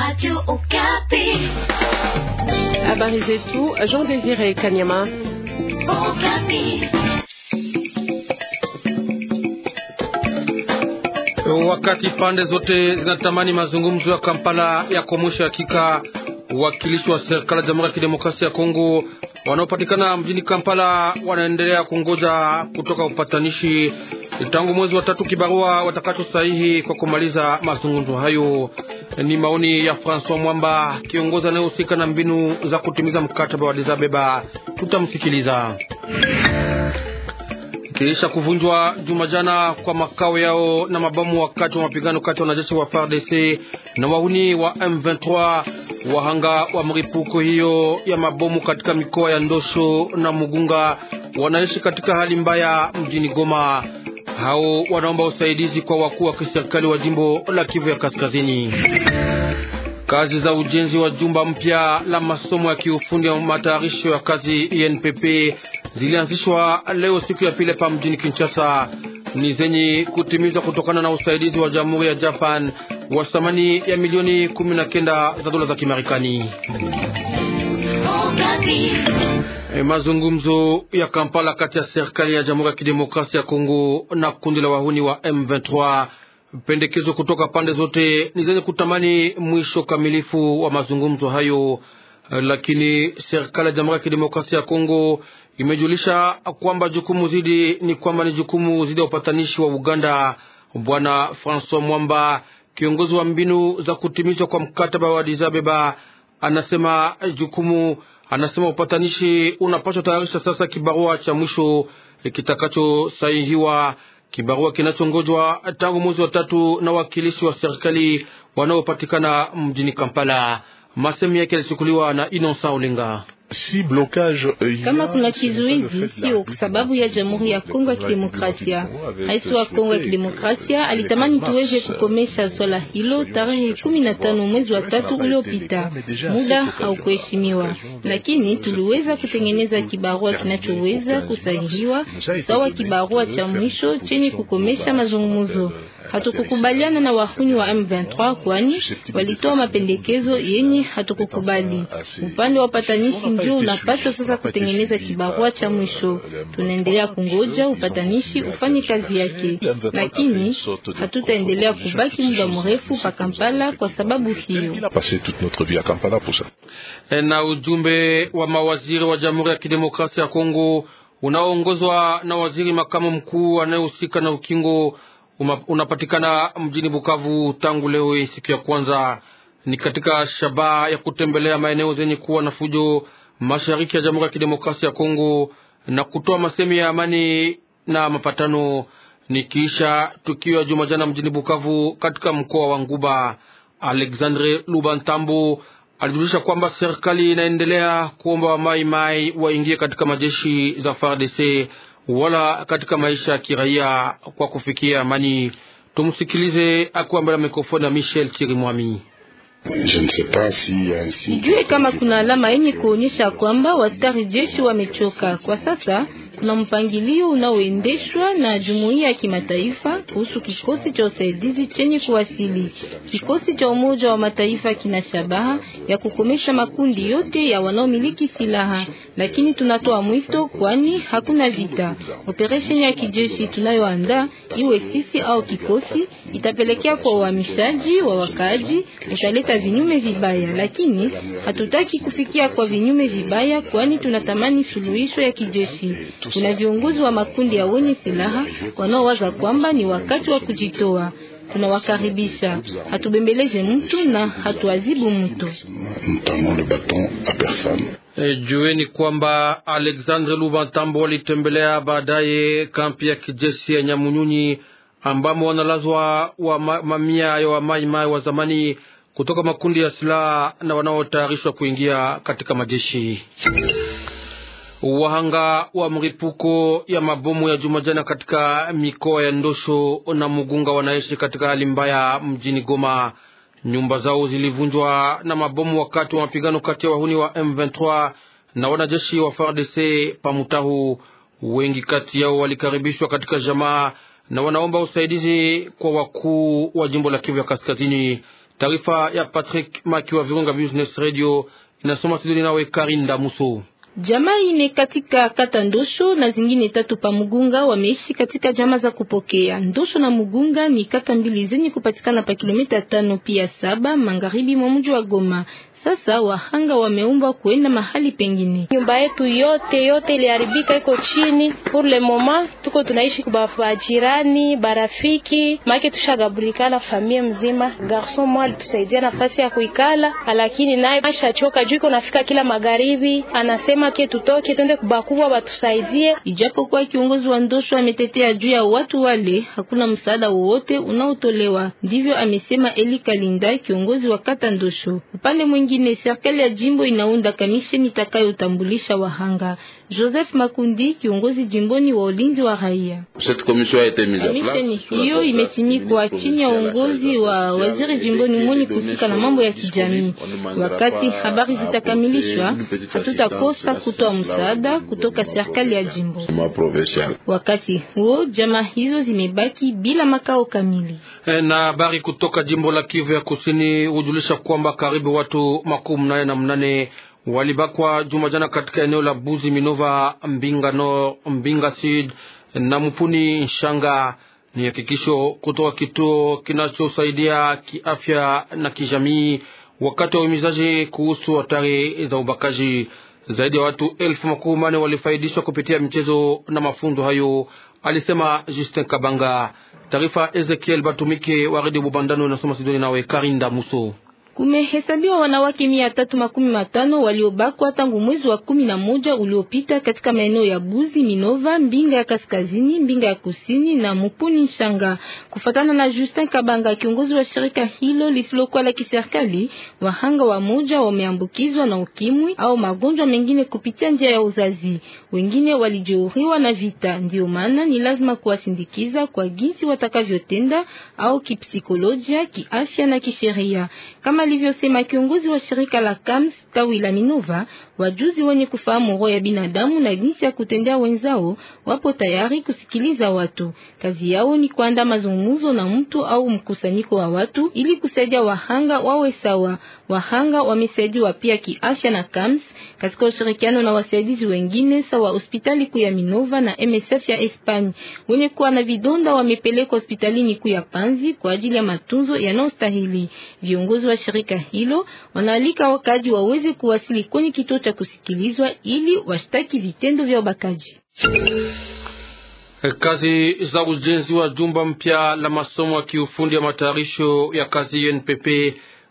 Radio Okapi. Habari zetu, Jean Désiré Kanyama. Okapi. Wakati pande zote zinatamani mazungumzo ya Kampala ya komosha hakika, wakilishi wa serikali ya Jamhuri ya Kidemokrasia ya Kongo wanaopatikana mjini Kampala wanaendelea kungoja kutoka upatanishi tangu mwezi wa tatu kibarua watakacho sahihi kwa kumaliza mazungumzo hayo. Ni maoni ya Francois Mwamba, kiongozi anayehusika na mbinu za kutimiza mkataba wa Addis Tutamsikiliza. Kisha kuvunjwa Jumajana kwa makao yao na mabomu wakati wa mapigano kati ya wanajeshi wa FARDC na wahuni wa M23, wahanga wa mripuko hiyo ya mabomu katika mikoa ya Ndosho na Mugunga wanaishi katika hali mbaya mjini Goma hao wanaomba usaidizi kwa wakuu wa kiserikali wa jimbo la Kivu ya Kaskazini. Kazi za ujenzi wa jumba mpya la masomo ya kiufundi ya matayarisho ya kazi INPP e zilianzishwa leo siku ya pili hapa mjini Kinshasa. Ni zenye kutimizwa kutokana na usaidizi wa Jamhuri ya Japan wa thamani ya milioni 19 za dola za Kimarekani. Oh, E, mazungumzo ya Kampala kati ya serikali ya Jamhuri ya Kidemokrasia ya Kongo na kundi la wahuni wa M23, pendekezo kutoka pande zote ni zenye kutamani mwisho kamilifu wa mazungumzo hayo, eh, lakini serikali ya Jamhuri ya Kidemokrasia ya Kongo imejulisha kwamba jukumu zidi ni kwamba ni jukumu zidi ya upatanishi wa Uganda. Bwana Francois Mwamba, kiongozi wa mbinu za kutimizwa kwa mkataba wa Addis Ababa, anasema jukumu anasema upatanishi unapaswa tayarisha sasa kibarua cha mwisho kitakachosainiwa, kibarua kinachongojwa tangu mwezi wa tatu na wakilishi wa serikali wanaopatikana mjini Kampala. Masemi yake yalichukuliwa na Inosa Olinga. Si blocage euh, kama kuna kizuizi, sio kwa sababu ya Jamhuri ya Kongo ya Kidemokrasia. Rais wa Kongo ya Kidemokrasia alitamani tuweze kukomesha swala hilo tarehe 15 mwezi wa tatu uliopita, muda haukuheshimiwa, lakini tuliweza kutengeneza kibarua kinachoweza kusahihiwa sawa kibarua cha mwisho chenye kukomesha mazungumzo. Hatukukubaliana na wahuni wa M23 kwani walitoa mapendekezo yenye hatukukubali. Upande wa upatanishi ndio unapaswa sasa kutengeneza kibarua cha mwisho. Tunaendelea kungoja upatanishi ufanye kazi yake, lakini hatutaendelea kubaki muda mrefu pa Kampala kwa sababu hiyo. E, na ujumbe wa mawaziri wa Jamhuri ya Kidemokrasia ya Kongo unaoongozwa na waziri makamu mkuu anayehusika na ukingo unapatikana mjini Bukavu tangu leo hii siku ya kwanza, ni katika shabaha ya kutembelea maeneo zenye kuwa na fujo mashariki ya Jamhuri ya Kidemokrasia ya Kongo na kutoa masemi ya amani na mapatano, nikiisha tukio ya juma jana mjini Bukavu katika mkoa wa Nguba. Alexandre Lubantambo alijulisha kwamba serikali inaendelea kuomba wamaimai waingie katika majeshi za FARDC wala katika maisha ya kiraia kwa kufikia amani. Tumsikilize akiwa mbele ya mikrofoni ya Michel Chirimwami. Sijui kama kuna alama yenye kuonyesha kwamba waskari jeshi wamechoka kwa sasa kuna mpangilio unaoendeshwa na jumuiya ya kimataifa kuhusu kikosi cha usaidizi chenye kuwasili. Kikosi cha Umoja wa Mataifa kina shabaha ya kukomesha makundi yote ya wanaomiliki silaha, lakini tunatoa mwito, kwani hakuna vita. Operesheni ya kijeshi tunayoandaa, iwe sisi au kikosi, itapelekea kwa uhamishaji wa wakaaji, utaleta vinyume vibaya, lakini hatutaki kufikia kwa vinyume vibaya, kwani tunatamani suluhisho ya kijeshi. Kuna viongozi wa makundi ya wenye silaha wanaowaza kwamba ni wakati wa kujitoa. Tunawakaribisha, hatubembeleze mtu na hatuazibu mtu. E, jueni kwamba Alexandre Lubantambo alitembelea baadaye kampi ya kijeshi ya Nyamunyunyi ambamo wanalazwa wa mamia ya wamaimai wa zamani kutoka makundi ya silaha na wanaotayarishwa kuingia katika majeshi. Wahanga wa mripuko ya mabomu ya jumajana katika mikoa ya Ndosho na Mugunga wanaishi katika hali mbaya mjini Goma. Nyumba zao zilivunjwa na mabomu wakati wa mapigano kati ya wahuni wa M23 na wanajeshi wa FARDC Pamutahu. Wengi kati yao walikaribishwa katika jamaa na wanaomba usaidizi kwa wakuu wa jimbo la Kivu ya Kaskazini. Taarifa ya Patrick Maki wa Virunga Business Radio inasoma Sidoni nawe Karinda Muso. Jamaa ine katika kata Ndosho na zingine tatu pa Mugunga wameishi katika jama za kupokea. Ndosho na Mugunga ni kata mbili zenye kupatikana pa kilomita tano pia saba magharibi mwa mji wa Goma. Sasa wahanga wameumba kuenda mahali pengine. Nyumba yetu yote yote iliharibika, iko chini. Pour le moment tuko tunaishi kwa bajirani, barafiki, maana tushagabulikana familia mzima. Garson mwa alitusaidia nafasi ya kuikala, lakini naye ashachoka juu iko nafika kila magharibi, anasema ke tutoke twende kubakubwa watusaidie. Ijapokuwa kiongozi wa Ndosho ametetea juu ya watu wale, hakuna msaada wowote unaotolewa. Ndivyo amesema Eli Kalinda, kiongozi wa kata Ndosho. Upande mwingine nyingine serikali ya jimbo inaunda kamisheni itakayotambulisha wahanga. Joseph Makundi, kiongozi jimboni wa ulinzi wa raia. Kamisheni hiyo imetimikwa chini ya uongozi wa waziri jimboni mwenye kusika na mambo ya kijamii. Wakati habari zitakamilishwa, hatutakosa kutoa msaada kutoka serikali ya jimbo. Wakati huo jamaa hizo zimebaki bila makao kamili. Eh, na habari kutoka jimbo la Kivu ya Kusini hujulisha kwamba karibu watu makumi nane na mnane walibakwa jumajana katika eneo la Buzi Minova, Mbinga no Mbinga Sud na Mpuni Nshanga. Ni hakikisho kutoka kituo kinachosaidia kiafya na kijamii wakati wa uhimizaji kuhusu hatari za ubakaji. Zaidi ya watu elfu makumi mane walifaidishwa kupitia michezo na mafunzo hayo, alisema Justin Kabanga. Taarifa Ezekiel Batumike wa Redio Bubandano inasoma Sidoni nawe Karinda Muso. Kumehesabiwa wanawake mia tatu makumi matano waliobakwa tangu mwezi wa kumi na moja uliopita katika maeneo ya Buzi, Minova, Mbinga ya Kaskazini, Mbinga ya Kusini na Mupuni Shanga. Kufatana na Justin Kabanga, kiongozi wa shirika hilo lisilokuwa la kiserikali, wahanga wa moja wameambukizwa na ukimwi au magonjwa mengine kupitia njia ya uzazi. Wengine walijeruhiwa na vita. Ndio maana ni lazima kuwasindikiza kwa jinsi watakavyotenda au kipsikolojia, kiafya na kisheria kama kama alivyosema kiongozi wa shirika la KAMS tawi la Minova, wajuzi wenye kufahamu roho ya binadamu na jinsi ya kutendea wenzao wapo tayari kusikiliza watu. Kazi yao ni kuandaa mazungumzo na mtu au mkusanyiko wa watu ili kusaidia wahanga wawe sawa. Wahanga wamesaidiwa pia kiafya na KAMS katika ushirikiano na wasaidizi wengine sawa hospitali kuu ya Minova na MSF ya Espanya. Wenye kuwa na vidonda wamepelekwa hospitalini kuu ya Panzi kwa ajili ya matunzo yanayostahili. Viongozi wa shirika hilo wanaalika wakaji waweze kuwasili kwenye kituo cha kusikilizwa ili washtaki vitendo vya ubakaji. Kazi za ujenzi wa jumba mpya la masomo ya kiufundi ya matayarisho ya kazi UNPP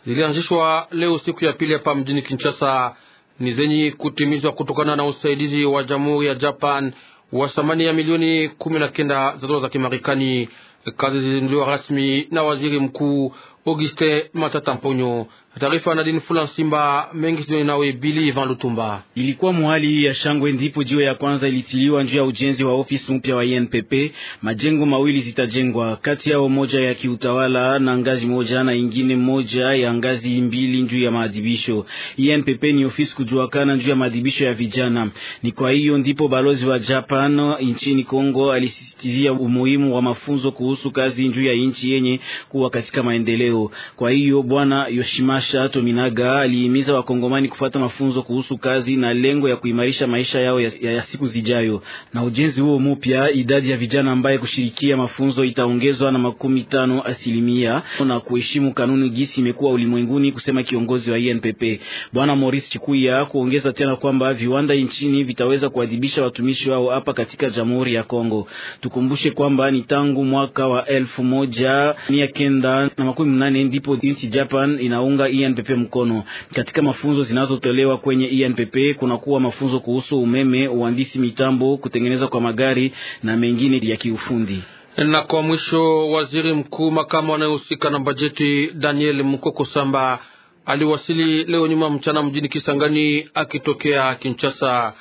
zilianzishwa leo siku ya pili hapa mjini Kinshasa. Ni zenye kutimizwa kutokana na usaidizi wa Jamhuri ya Japan wa thamani ya milioni kumi na kenda za dola za Kimarekani. Kazi zilizinduliwa rasmi na waziri mkuu Auguste Matata Mponyo Taarifa na Dini Fula Simba mengi sio nawe Bili Van Lutumba. Ilikuwa muhali ya shangwe ndipo jiwe ya kwanza ilitiliwa juu ya ujenzi wa ofisi mpya wa INPP. Majengo mawili zitajengwa, kati yao moja ya kiutawala na ngazi moja na ingine moja ya ngazi mbili juu ya maadhibisho. INPP ni ofisi kujuakana juu ya maadhibisho ya vijana. Ni kwa hiyo ndipo balozi wa Japan nchini Kongo alisisitizia umuhimu wa mafunzo kuhusu kazi juu ya nchi yenye kuwa katika maendeleo. Kwa hiyo bwana Yoshimashi tominaga aliimiza alihimiza wakongomani kufuata mafunzo kuhusu kazi na lengo ya kuimarisha maisha yao ya, ya, ya siku zijayo. Na ujenzi huo mpya, idadi ya vijana ambaye kushirikia mafunzo itaongezwa na makumi tano asilimia na kuheshimu kanuni gisi imekuwa ulimwenguni, kusema kiongozi wa INPP Bwana Maurice Chikuya, kuongeza tena kwamba viwanda nchini vitaweza kuadhibisha watumishi wao hapa katika Jamhuri ya Kongo. Tukumbushe kwamba ni tangu mwaka wa elfu moja mia kenda na makumi mnane ndipo nchi Japan inaunga ENPP mkono katika mafunzo zinazotolewa kwenye ENPP Kuna kuwa mafunzo kuhusu umeme, uhandisi mitambo, kutengeneza kwa magari na mengine ya kiufundi. Na kwa mwisho, waziri mkuu makamu anayehusika na bajeti Daniel Mukoko Samba aliwasili leo nyuma mchana mjini Kisangani akitokea Kinshasa.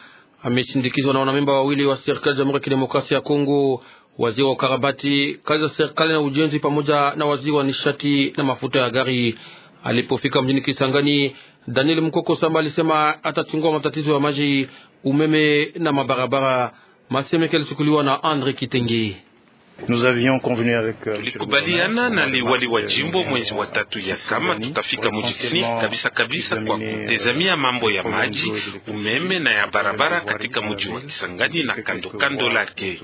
Ameshindikizwa na wanamemba wawili wa serikali ya Jamhuri ya Kidemokrasia ya Kongo, waziri wa ukarabati, kazi za serikali na ujenzi, pamoja na waziri wa nishati na mafuta ya gari. Alipofika mjini Kisangani, Daniel Mkoko Samba alisema atachungua matatizo ya maji, umeme na mabarabara. Masemeke alichukuliwa na Andre Kitenge. Euh, Tulikubaliana na liwali wa jimbo mwezi wa euh, tatu ya kama tutafika mjini kabisa kabisa kwa euh, kutezamia mambo ya maji, umeme na ya barabara katika mji wa Kisangani na kando kando lake.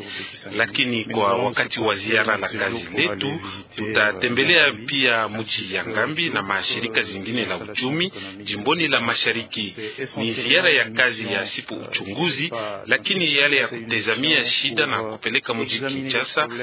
Lakini kwa wakati wa ziara la kazi letu tutatembelea pia mji ya Ngambi na mashirika zingine la uchumi jimboni la Mashariki. Ni ziara ya kazi ya sipo uchunguzi, lakini yale ya kutezamia shida na kupeleka mji Kinshasa